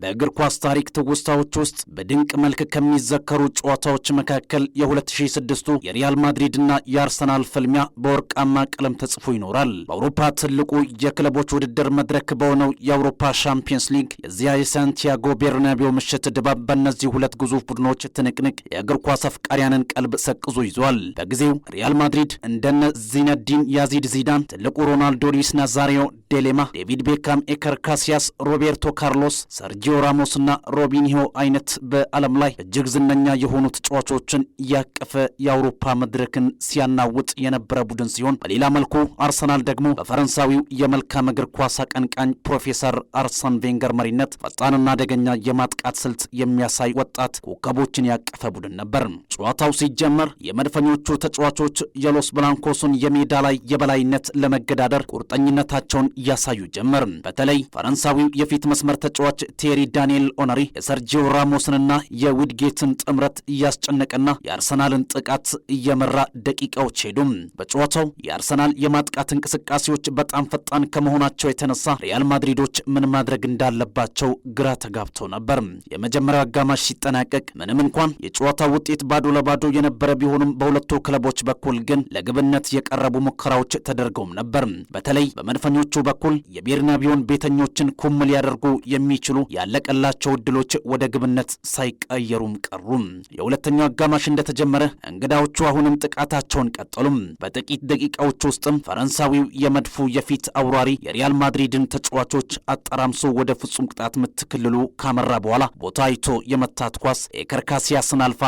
በእግር ኳስ ታሪክ ትውስታዎች ውስጥ በድንቅ መልክ ከሚዘከሩ ጨዋታዎች መካከል የ2006ቱ የሪያል ማድሪድና የአርሰናል ፍልሚያ በወርቃማ ቀለም ተጽፎ ይኖራል። በአውሮፓ ትልቁ የክለቦች ውድድር መድረክ በሆነው የአውሮፓ ሻምፒየንስ ሊግ የዚያ የሳንቲያጎ ቤርናቢዮ ምሽት ድባብ በእነዚህ ሁለት ግዙፍ ቡድኖች ትንቅንቅ የእግር ኳስ አፍቃሪያንን ቀልብ ሰቅዞ ይዟል። በጊዜው ሪያል ማድሪድ እንደነ ዚነዲን ያዚድ ዚዳን፣ ትልቁ ሮናልዶ፣ ሉዊስ ናዛሪዮ ዴሌማ፣ ዴቪድ ቤካም፣ ኤከር ካሲያስ፣ ሮቤርቶ ካርሎስ፣ ሰርጂ ራሞስ እና ሮቢኒሆ አይነት በዓለም ላይ እጅግ ዝነኛ የሆኑ ተጫዋቾችን ያቀፈ የአውሮፓ መድረክን ሲያናውጥ የነበረ ቡድን ሲሆን በሌላ መልኩ አርሰናል ደግሞ በፈረንሳዊው የመልካም እግር ኳስ አቀንቃኝ ፕሮፌሰር አርሰን ቬንገር መሪነት ፈጣንና አደገኛ የማጥቃት ስልት የሚያሳይ ወጣት ኮከቦችን ያቀፈ ቡድን ነበር። ጨዋታው ሲጀመር የመድፈኞቹ ተጫዋቾች የሎስ ብላንኮሱን የሜዳ ላይ የበላይነት ለመገዳደር ቁርጠኝነታቸውን እያሳዩ ጀመር። በተለይ ፈረንሳዊው የፊት መስመር ተጫዋች ሴሪ ዳንኤል ኦነሪ የሰርጂዮ ራሞስንና የዊድጌትን ጥምረት እያስጨነቀና የአርሰናልን ጥቃት እየመራ ደቂቃዎች ሄዱ። በጨዋታው የአርሰናል የማጥቃት እንቅስቃሴዎች በጣም ፈጣን ከመሆናቸው የተነሳ ሪያል ማድሪዶች ምን ማድረግ እንዳለባቸው ግራ ተጋብተው ነበር። የመጀመሪያው አጋማሽ ሲጠናቀቅ ምንም እንኳን የጨዋታው ውጤት ባዶ ለባዶ የነበረ ቢሆንም በሁለቱ ክለቦች በኩል ግን ለግብነት የቀረቡ ሙከራዎች ተደርገውም ነበር። በተለይ በመድፈኞቹ በኩል የቤርናቢዮን ቤተኞችን ኩም ሊያደርጉ የሚችሉ ያለቀላቸው እድሎች ወደ ግብነት ሳይቀየሩም ቀሩም። የሁለተኛው አጋማሽ እንደተጀመረ እንግዳዎቹ አሁንም ጥቃታቸውን ቀጠሉም። በጥቂት ደቂቃዎች ውስጥም ፈረንሳዊው የመድፉ የፊት አውራሪ የሪያል ማድሪድን ተጫዋቾች አጠራምሶ ወደ ፍጹም ቅጣት ምት ክልሉ ካመራ በኋላ ቦታ አይቶ የመታት ኳስ የከርካሲያስን አልፋ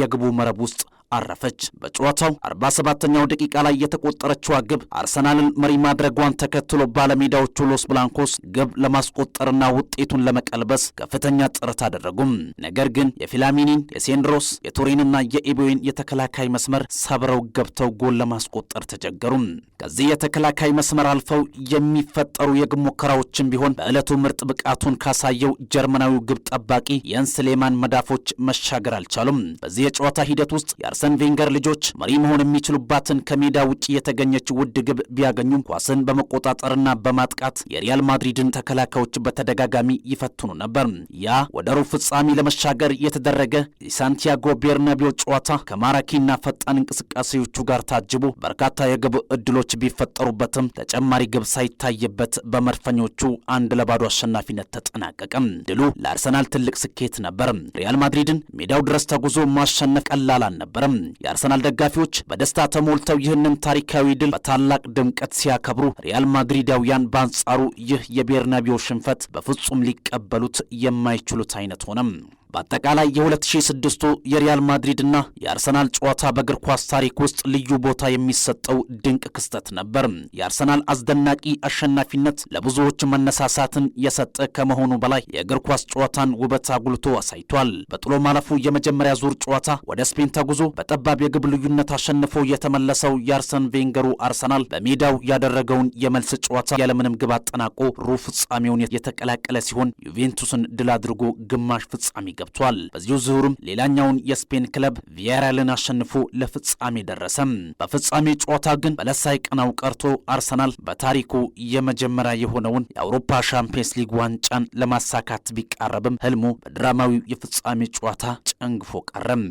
የግቡ መረብ ውስጥ አረፈች። በጨዋታው 47ኛው ደቂቃ ላይ የተቆጠረችዋ ግብ አርሰናልን መሪ ማድረጓን ተከትሎ ባለሜዳዎቹ ሎስ ብላንኮስ ግብ ለማስቆጠርና ውጤቱን ለመቀልበስ ከፍተኛ ጥረት አደረጉም። ነገር ግን የፊላሚኒን የሴንድሮስ የቱሪንና የኢቦይን የተከላካይ መስመር ሰብረው ገብተው ጎል ለማስቆጠር ተቸገሩም። ከዚህ የተከላካይ መስመር አልፈው የሚፈጠሩ የግብ ሙከራዎችም ቢሆን በዕለቱ ምርጥ ብቃቱን ካሳየው ጀርመናዊው ግብ ጠባቂ የንስሌማን መዳፎች መሻገር አልቻሉም። በዚህ የጨዋታ ሂደት ውስጥ የአርሰን ቬንገር ልጆች መሪ መሆን የሚችሉባትን ከሜዳ ውጭ የተገኘች ውድ ግብ ቢያገኙም ኳስን በመቆጣጠርና በማጥቃት የሪያል ማድሪድን ተከላካዮች በተደጋጋሚ ይፈትኑ ነበር። ያ ወደ ሩብ ፍጻሜ ለመሻገር የተደረገ የሳንቲያጎ ቤርናቢዮ ጨዋታ ከማራኪና ፈጣን እንቅስቃሴዎቹ ጋር ታጅቦ በርካታ የግብ እድሎች ቢፈጠሩበትም ተጨማሪ ግብ ሳይታይበት በመድፈኞቹ አንድ ለባዶ አሸናፊነት ተጠናቀቀም። ድሉ ለአርሰናል ትልቅ ስኬት ነበር። ሪያል ማድሪድን ሜዳው ድረስ ተጉዞ ማሸነፍ ቀላል አልነበረም። የአርሰናል ደጋፊዎች በደስታ ተሞልተው ይህንን ታሪካዊ ድል በታላቅ ድምቀት ሲያከብሩ፣ ሪያል ማድሪዳውያን በአንጻሩ ይህ የቤርናቢዮ ሽንፈት በፍጹም ሊቀበሉት የማይችሉት አይነት ሆነም። በአጠቃላይ የ2006ቱ የሪያል ማድሪድና የአርሰናል ጨዋታ በእግር ኳስ ታሪክ ውስጥ ልዩ ቦታ የሚሰጠው ድንቅ ክስተት ነበር። የአርሰናል አስደናቂ አሸናፊነት ለብዙዎች መነሳሳትን የሰጠ ከመሆኑ በላይ የእግር ኳስ ጨዋታን ውበት አጉልቶ አሳይቷል። በጥሎ ማለፉ የመጀመሪያ ዙር ጨዋታ ወደ ስፔን ተጉዞ በጠባብ የግብ ልዩነት አሸንፎ የተመለሰው የአርሰን ቬንገሩ አርሰናል በሜዳው ያደረገውን የመልስ ጨዋታ ያለምንም ግብ አጠናቆ ሩብ ፍጻሜውን የተቀላቀለ ሲሆን ዩቬንቱስን ድል አድርጎ ግማሽ ፍጻሜ ገብቷል። በዚሁ ዙሩም ሌላኛውን የስፔን ክለብ ቪያራልን አሸንፎ ለፍጻሜ ደረሰም። በፍጻሜ ጨዋታ ግን በለሳይ ቀናው ቀርቶ አርሰናል በታሪኩ የመጀመሪያ የሆነውን የአውሮፓ ሻምፒየንስ ሊግ ዋንጫን ለማሳካት ቢቃረብም ህልሙ በድራማዊው የፍጻሜ ጨዋታ ጨንግፎ ቀረም።